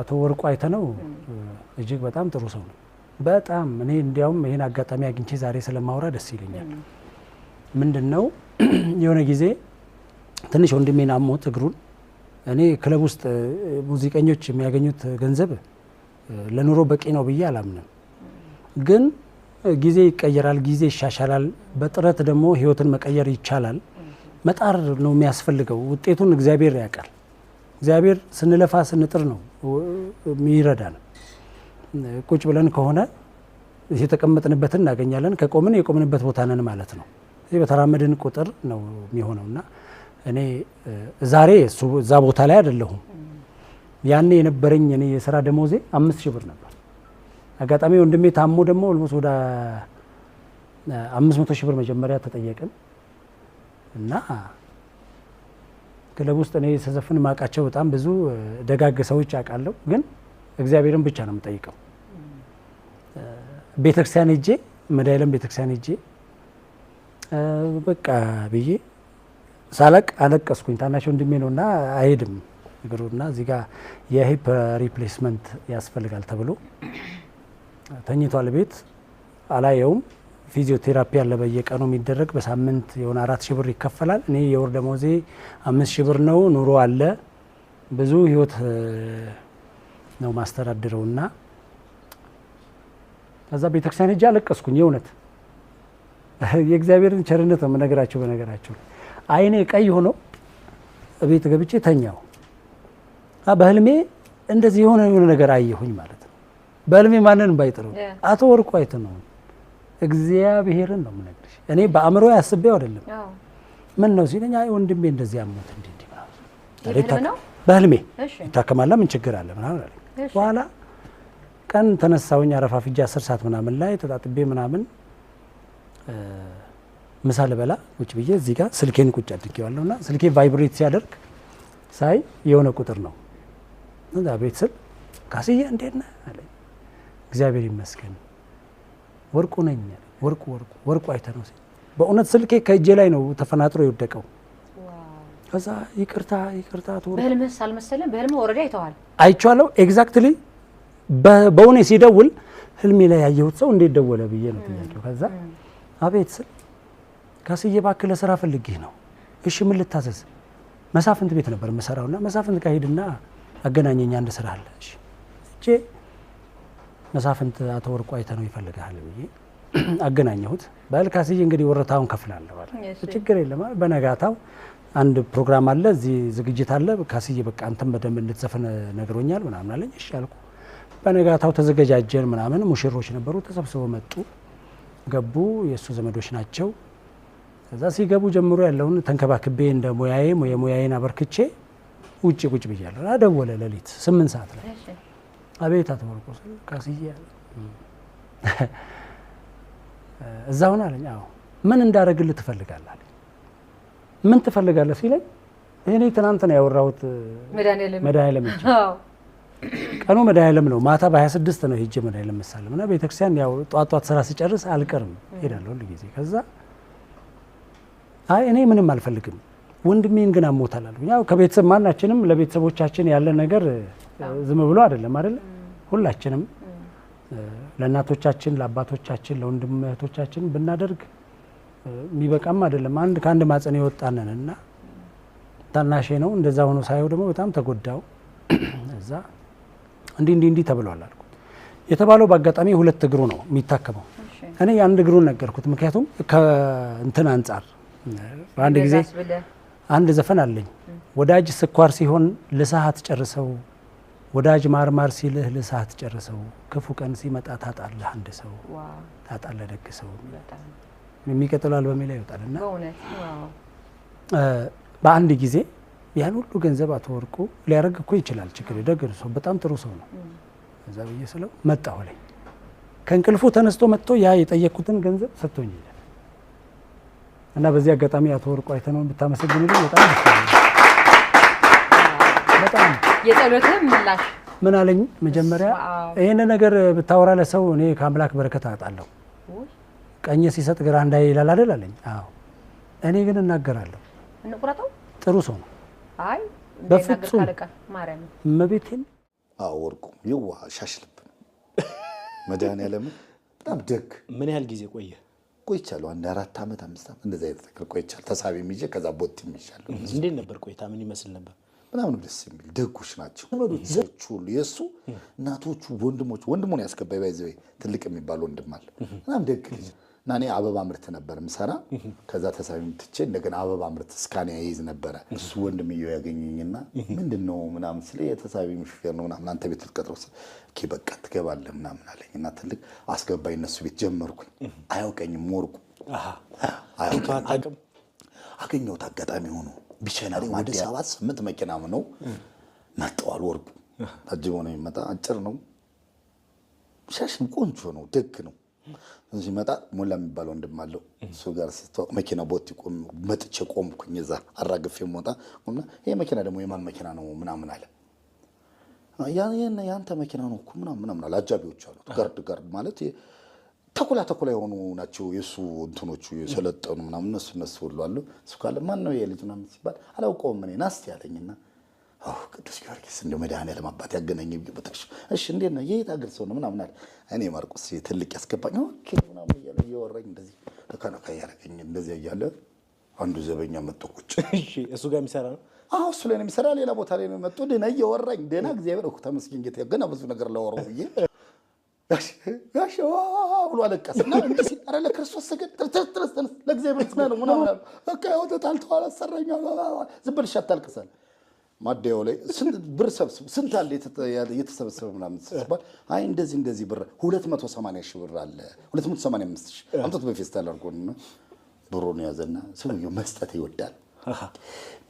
አቶ ወርቁ አይተነው እጅግ በጣም ጥሩ ሰው ነው። በጣም እኔ እንዲያውም ይህን አጋጣሚ አግኝቼ ዛሬ ስለማውራ ደስ ይለኛል። ምንድን ነው የሆነ ጊዜ ትንሽ ወንድሜን አሞት እግሩን እኔ ክለብ ውስጥ ሙዚቀኞች የሚያገኙት ገንዘብ ለኑሮ በቂ ነው ብዬ አላምንም። ግን ጊዜ ይቀየራል፣ ጊዜ ይሻሻላል። በጥረት ደግሞ ህይወትን መቀየር ይቻላል። መጣር ነው የሚያስፈልገው። ውጤቱን እግዚአብሔር ያውቃል። እግዚአብሔር ስንለፋ ስንጥር ነው የሚረዳን ቁጭ ብለን ከሆነ የተቀመጥንበትን እናገኛለን፣ ከቆምን የቆምንበት ቦታ ነን ማለት ነው። በተራመድን ቁጥር ነው የሚሆነው እና እኔ ዛሬ እዛ ቦታ ላይ አይደለሁም። ያኔ የነበረኝ እኔ የስራ ደሞዜ አምስት ሺህ ብር ነበር። አጋጣሚ ወንድሜ ታሞ ደግሞ ኦልሞስ ወደ አምስት መቶ ሺህ ብር መጀመሪያ ተጠየቅን እና ክለብ ውስጥ እኔ ስዘፍን ማውቃቸው በጣም ብዙ ደጋግ ሰዎች አውቃለሁ፣ ግን እግዚአብሔርን ብቻ ነው የምጠይቀው። ቤተክርስቲያን ሄጄ መድኃኔዓለም ቤተክርስቲያን ሄጄ በቃ ብዬ ሳለቅ አለቀስኩኝ። ታናሽ ወንድሜ ነው እና አይሄድም ነገሩና እዚህ ጋ የሂፕ ሪፕሌስመንት ያስፈልጋል ተብሎ ተኝቷል ቤት አላየውም። ፊዚዮቴራፒ አለ በየቀኑ የሚደረግ በሳምንት የሆነ አራት ሺ ብር ይከፈላል። እኔ የወር አምስት ሺ ብር ነው። ኑሮ አለ ብዙ ህይወት ነው ማስተዳድረው እና ከዛ ቤተክርስቲያን ሄጄ አለቀስኩኝ። የእውነት የእግዚአብሔርን ቸርነት ነው የምነግራቸው። በነገራቸው አይኔ ቀይ ሆኖ እቤት ገብቼ ተኛው። በህልሜ እንደዚህ የሆነ የሆነ ነገር አየሁኝ ማለት ነው። በህልሜ ማንን ባይጥሩ አቶ ወርቁ አይተ እግዚአብሔርን ነው የምነግርሽ። እኔ በአእምሮ ያስቤው አይደለም። ምን ነው ሲለኝ፣ አይ ወንድሜ እንደዚህ አሞት እንዲ በህልሜ ይታከማላ፣ ምን ችግር አለ ምናምን አለ። በኋላ ቀን ተነሳሁኝ አረፋፍጃ አስር ሰዓት ምናምን ላይ ተጣጥቤ ምናምን ምሳ ልበላ ውጭ ብዬ እዚህ ጋር ስልኬን ቁጭ አድርጌዋለሁ እና ስልኬ ቫይብሬት ሲያደርግ ሳይ የሆነ ቁጥር ነው እዛ ቤት ስል ካስዬ እንዴት ነህ አለኝ። እግዚአብሔር ይመስገን ወርቁ ነኝ ወርቁ ወርቁ ወርቁ አይተነው ሲል በእውነት ስልኬ ከእጄ ላይ ነው ተፈናጥሮ የወደቀው። ከዛ ይቅርታ ይቅርታ በህልምስ አልመሰለም? በህልም ወረዳ አይተዋል። አይቼዋለሁ። ኤግዛክትሊ በእውኔ ሲደውል ህልሜ ላይ ያየሁት ሰው እንዴት ደወለ ብዬ ነው ጥያቄው። ከዛ አቤት ስል ካስዬ እባክህ ለስራ ፈልጌ ነው። እሺ ምን ልታዘዝ? መሳፍንት ቤት ነበር የምሰራውና መሳፍንት ጋር ሂድና አገናኘኝ አንድ ስራ አለ። እሺ መሳፍንት አቶ ወርቁ አይተ ነው ይፈልግሃል ብዬ አገናኘሁት። በልካስዬ እንግዲህ ወረታውን ከፍላለሁ አለ። ችግር የለም በነጋታው አንድ ፕሮግራም አለ፣ እዚህ ዝግጅት አለ። ካስዬ በቃ አንተም በደንብ እንድትዘፍን ነግሮኛል ምናምን አለኝ። እሺ አልኩ። በነጋታው ተዘገጃጀን ምናምን፣ ሙሽሮች ነበሩ፣ ተሰብስበው መጡ፣ ገቡ። የእሱ ዘመዶች ናቸው። ከዛ ሲገቡ ጀምሮ ያለውን ተንከባክቤ እንደ ሙያዬ የሙያዬን አበርክቼ ውጭ ቁጭ ብያለሁ። አደወለ ሌሊት ስምንት ሰዓት ላይ አቤት አቶ ቀስዬ ካስዬ አለ እዛ ሁን አለኝ። አዎ ምን እንዳደረግልህ ትፈልጋለህ አለኝ። ምን ትፈልጋለህ ሲለኝ እኔ ትናንት ነው ያወራሁት መድኃኒዓለም ሂጅ ቀኑ መድኃኒዓለም ነው። ማታ በ26 ነው ሄጄ መድኃኒዓለም መሳለም እና ቤተክርስቲያን ያው ጧት ጧት ስራ ሲጨርስ አልቀርም ሄዳለሁ ሁሉ ጊዜ። ከዛ አይ እኔ ምንም አልፈልግም ወንድሜን ግን አሞታል ያው ከቤተሰብ ማናችንም ለቤተሰቦቻችን ያለ ነገር ዝም ብሎ አይደለም አይደል? ሁላችንም ለእናቶቻችን፣ ለአባቶቻችን፣ ለወንድም እህቶቻችን ብናደርግ የሚበቃም አይደለም። አንድ ከአንድ ማጸን የወጣንን እና ታናሼ ነው እንደዛ ሆኖ ሳየው ደግሞ በጣም ተጎዳው። እዛ እንዲህ እንዲህ እንዲህ ተብሏል አልኩት። የተባለው በአጋጣሚ ሁለት እግሩ ነው የሚታከመው። እኔ የአንድ እግሩን ነገርኩት፣ ምክንያቱም ከእንትን አንጻር በአንድ ጊዜ አንድ ዘፈን አለኝ። ወዳጅ ስኳር ሲሆን ልሳሃት ጨርሰው፣ ወዳጅ ማርማር ሲልህ ልሳሃት ጨርሰው፣ ክፉ ቀን ሲመጣ ታጣለህ አንድ ሰው ታጣለህ ደግ ሰው የሚቀጥለው በሚል ላይ ይወጣል እና በአንድ ጊዜ ያን ሁሉ ገንዘብ አቶ ወርቁ ሊያደርግ እኮ ይችላል። ችግር ደግ ሰው በጣም ጥሩ ሰው ነው። እዛ ብዬ ስለው መጣሁ ላይ ከእንቅልፉ ተነስቶ መጥቶ ያ የጠየቅኩትን ገንዘብ ሰጥቶኝ እና በዚህ አጋጣሚ አቶ ወርቁ አይተነውን ብታመሰግንልኝ በጣም በጣም የጸሎትህ ምላሽ ምን አለኝ መጀመሪያ ይህን ነገር ብታወራ ለሰው እኔ ከአምላክ በረከት አጣለሁ። ቀኝ ሲሰጥ ግራ እንዳይ ይላል አይደል አለኝ። አዎ እኔ ግን እናገራለሁ። ጥሩ ሰው ነው። አይ በፍጹም እመቤቴን። አዎ ወርቁ ይዋ ሻሽልብ ልብ ነው በጣም ደግ። ምን ያህል ጊዜ ቆየ? ቆይቻለሁ። አንድ አራት ዓመት አምስት ዓመት እንደዚህ አይነት ነገር ቆይቻለሁ። ተሳቢ የሚጀ ከዛ ቦት የሚሻለሁ። እንዴት ነበር ቆይታ? ምን ይመስል ነበር? በጣም ነው ደስ የሚል። ደጎች ናቸው ዘች ሁሉ የእሱ እናቶቹ፣ ወንድሞች ወንድሙን ያስገባይ ባይዘ ትልቅ የሚባል ወንድም አለ። በጣም ደግ ልጅ እና እኔ አበባ ምርት ነበር ምሰራ። ከዛ ተሳቢ ምትቼ እንደገና አበባ ምርት እስካኒያ ይይዝ ነበረ። እሱ ወንድምየው ያገኘኝና ምንድን ነው ምናምን ስለ የተሳቢ ሹፌር ነው ምናምን አንተ ቤት ስ በቃ ትገባለህ ምናምን አለኝ እና ትልቅ አስገባኝ። እነሱ ቤት ጀመርኩኝ። አያውቀኝም ወርቁ አገኘሁት። አጋጣሚ ሆኖ ቢቸና ወደ ሰባት ስምንት መኪና ነው መጠዋል። ወርቁ ታጅቦ ነው የሚመጣ አጭር ነው፣ ሻሽም ቆንጆ ነው፣ ደግ ነው። ሲመጣ ሞላ የሚባል ወንድም አለው። እሱ ጋር ስታወቅ መኪና ቦት መጥቼ ቆምኩኝ። እዛ አራግፌ ሞጣ ይህ መኪና ደግሞ የማን መኪና ነው ምናምን አለ። የአንተ መኪና ነው እኮ ምናምን ምናምን አለ። አጃቢዎች አሉት። ጋርድ ጋርድ ማለት ተኩላ ተኩላ የሆኑ ናቸው የእሱ እንትኖቹ የሰለጠኑ ምናምን እነሱ እነሱ ሁሉ አሉ። እሱ ካለ ማን ነው የልጅ ምናምን ሲባል አላውቀውም እኔ ናስቲ ያለኝና ቅዱስ ጊዮርጊስ እንደ መድኃኔዓለም አባት ያገናኝ ቦታሽ። እሺ እንዴት ነው የየት ሀገር ሰው ነው ምናምን አለ። እኔ ማርቆስ ትልቅ ያስገባኝ ኦኬ ምናምን እያለ እያወራኝ እንደዚህ ተከናካ ያደረገኝ እንደዚህ እያለ አንዱ ዘበኛ መጥቶ ቁጭ። እሱ ጋር የሚሰራ ነው። አሁ እሱ ላይ ነው የሚሰራ። ሌላ ቦታ ላይ ነው መጥቶ ደህና እያወራኝ ደህና፣ እግዚአብሔር እኮ ተመስገን ጌታ፣ ገና ብዙ ነገር ላወራው ብዬ ጋሽ ብሎ አለቀስና እንደ ሲጠረ ለክርስቶስ ስገድ ትርትርስ ለእግዚአብሔር ስና ነው ምናምን በቃ ወተት አልተዋል አሰረኛ ዝም ብለሽ አታልቅሳል ማደያው ላይ ብር ሰብስብ ስንት አለ የተሰበሰበ ምናምን ሲባል፣ አይ እንደዚህ እንደዚህ ብር 280 ሺህ ብር አለ 285 ሺህ አምጥቶ በፌስታል አድርጎ ብሩን ያዘና ሰውየው መስጠት ይወዳል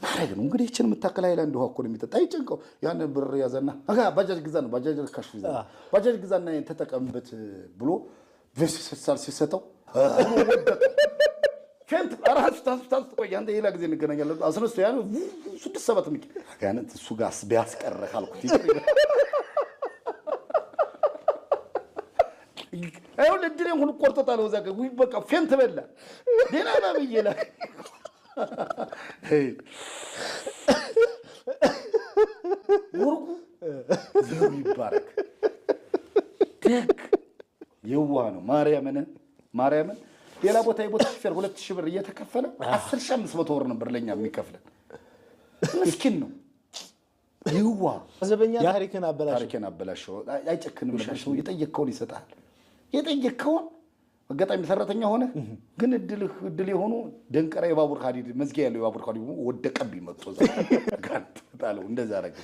ማረግ ነው እንግዲህ። ይችን የምታክል ሃይላንድ ውሃ እኮ ነው የሚጠጣ። አይጨንቀው። ያን ብር ያዘና ባጃጅ ግዛ ነው ባጃጅ ርካሽ ይዛ ባጃጅ ግዛና ተጠቀምበት ብሎ ፌስታል ሲሰጠው ሽንት ራሱ ታስታስ ቆያ አንተ ሌላ ጊዜ እንገናኛለን። አስነሱ ያን ስድስት ሰባት ምቂ ያን እሱ ጋር ቢያስቀርህ አልኩት። ይሁን እድሌን ሁሉ ቆርጠጣለሁ። እዛ ጋር ውይ በቃ ፌንት በላ ሌላ ላ ብዬ ላ ወርቁ ዘሩ ይባረክ። ደግ የዋ ነው ማርያምን ማርያምን ሌላ ቦታ የቦታ ሹፌር ሁለት ሺህ ብር እየተከፈለ አስር ሺህ አምስት መቶ ብር ነበር ለእኛ የሚከፍለን። ምስኪን ነው ይዋ ዘበኛ። ታሪክን አበላሽ ታሪክን አበላሽ። አይጨክንም። ሰው የጠየቅከውን ይሰጣል። የጠየቅከውን አጋጣሚ ሰራተኛ ሆነ ግን እድልህ እድል የሆኑ ደንቀራ የባቡር ሀዲድ መዝጊያ ያለው የባቡር ሀዲድ ወደቀብኝ መጥቶ ጋር ጣለው። እንደዛ ረግ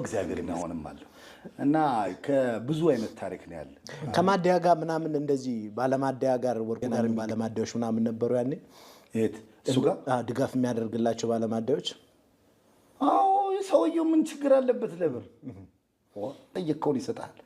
እግዚአብሔር ሆንም አለሁ እና ከብዙ አይነት ታሪክ ነው ያለ። ከማደያ ጋር ምናምን እንደዚህ ባለማደያ ጋር ወርቁናር ባለማደያዎች ምናምን ነበሩ ያኔ እሱ ጋር ድጋፍ የሚያደርግላቸው ባለማደያዎች። አዎ ሰውየው ምን ችግር አለበት? ለብር ጠየቀውን ይሰጣል።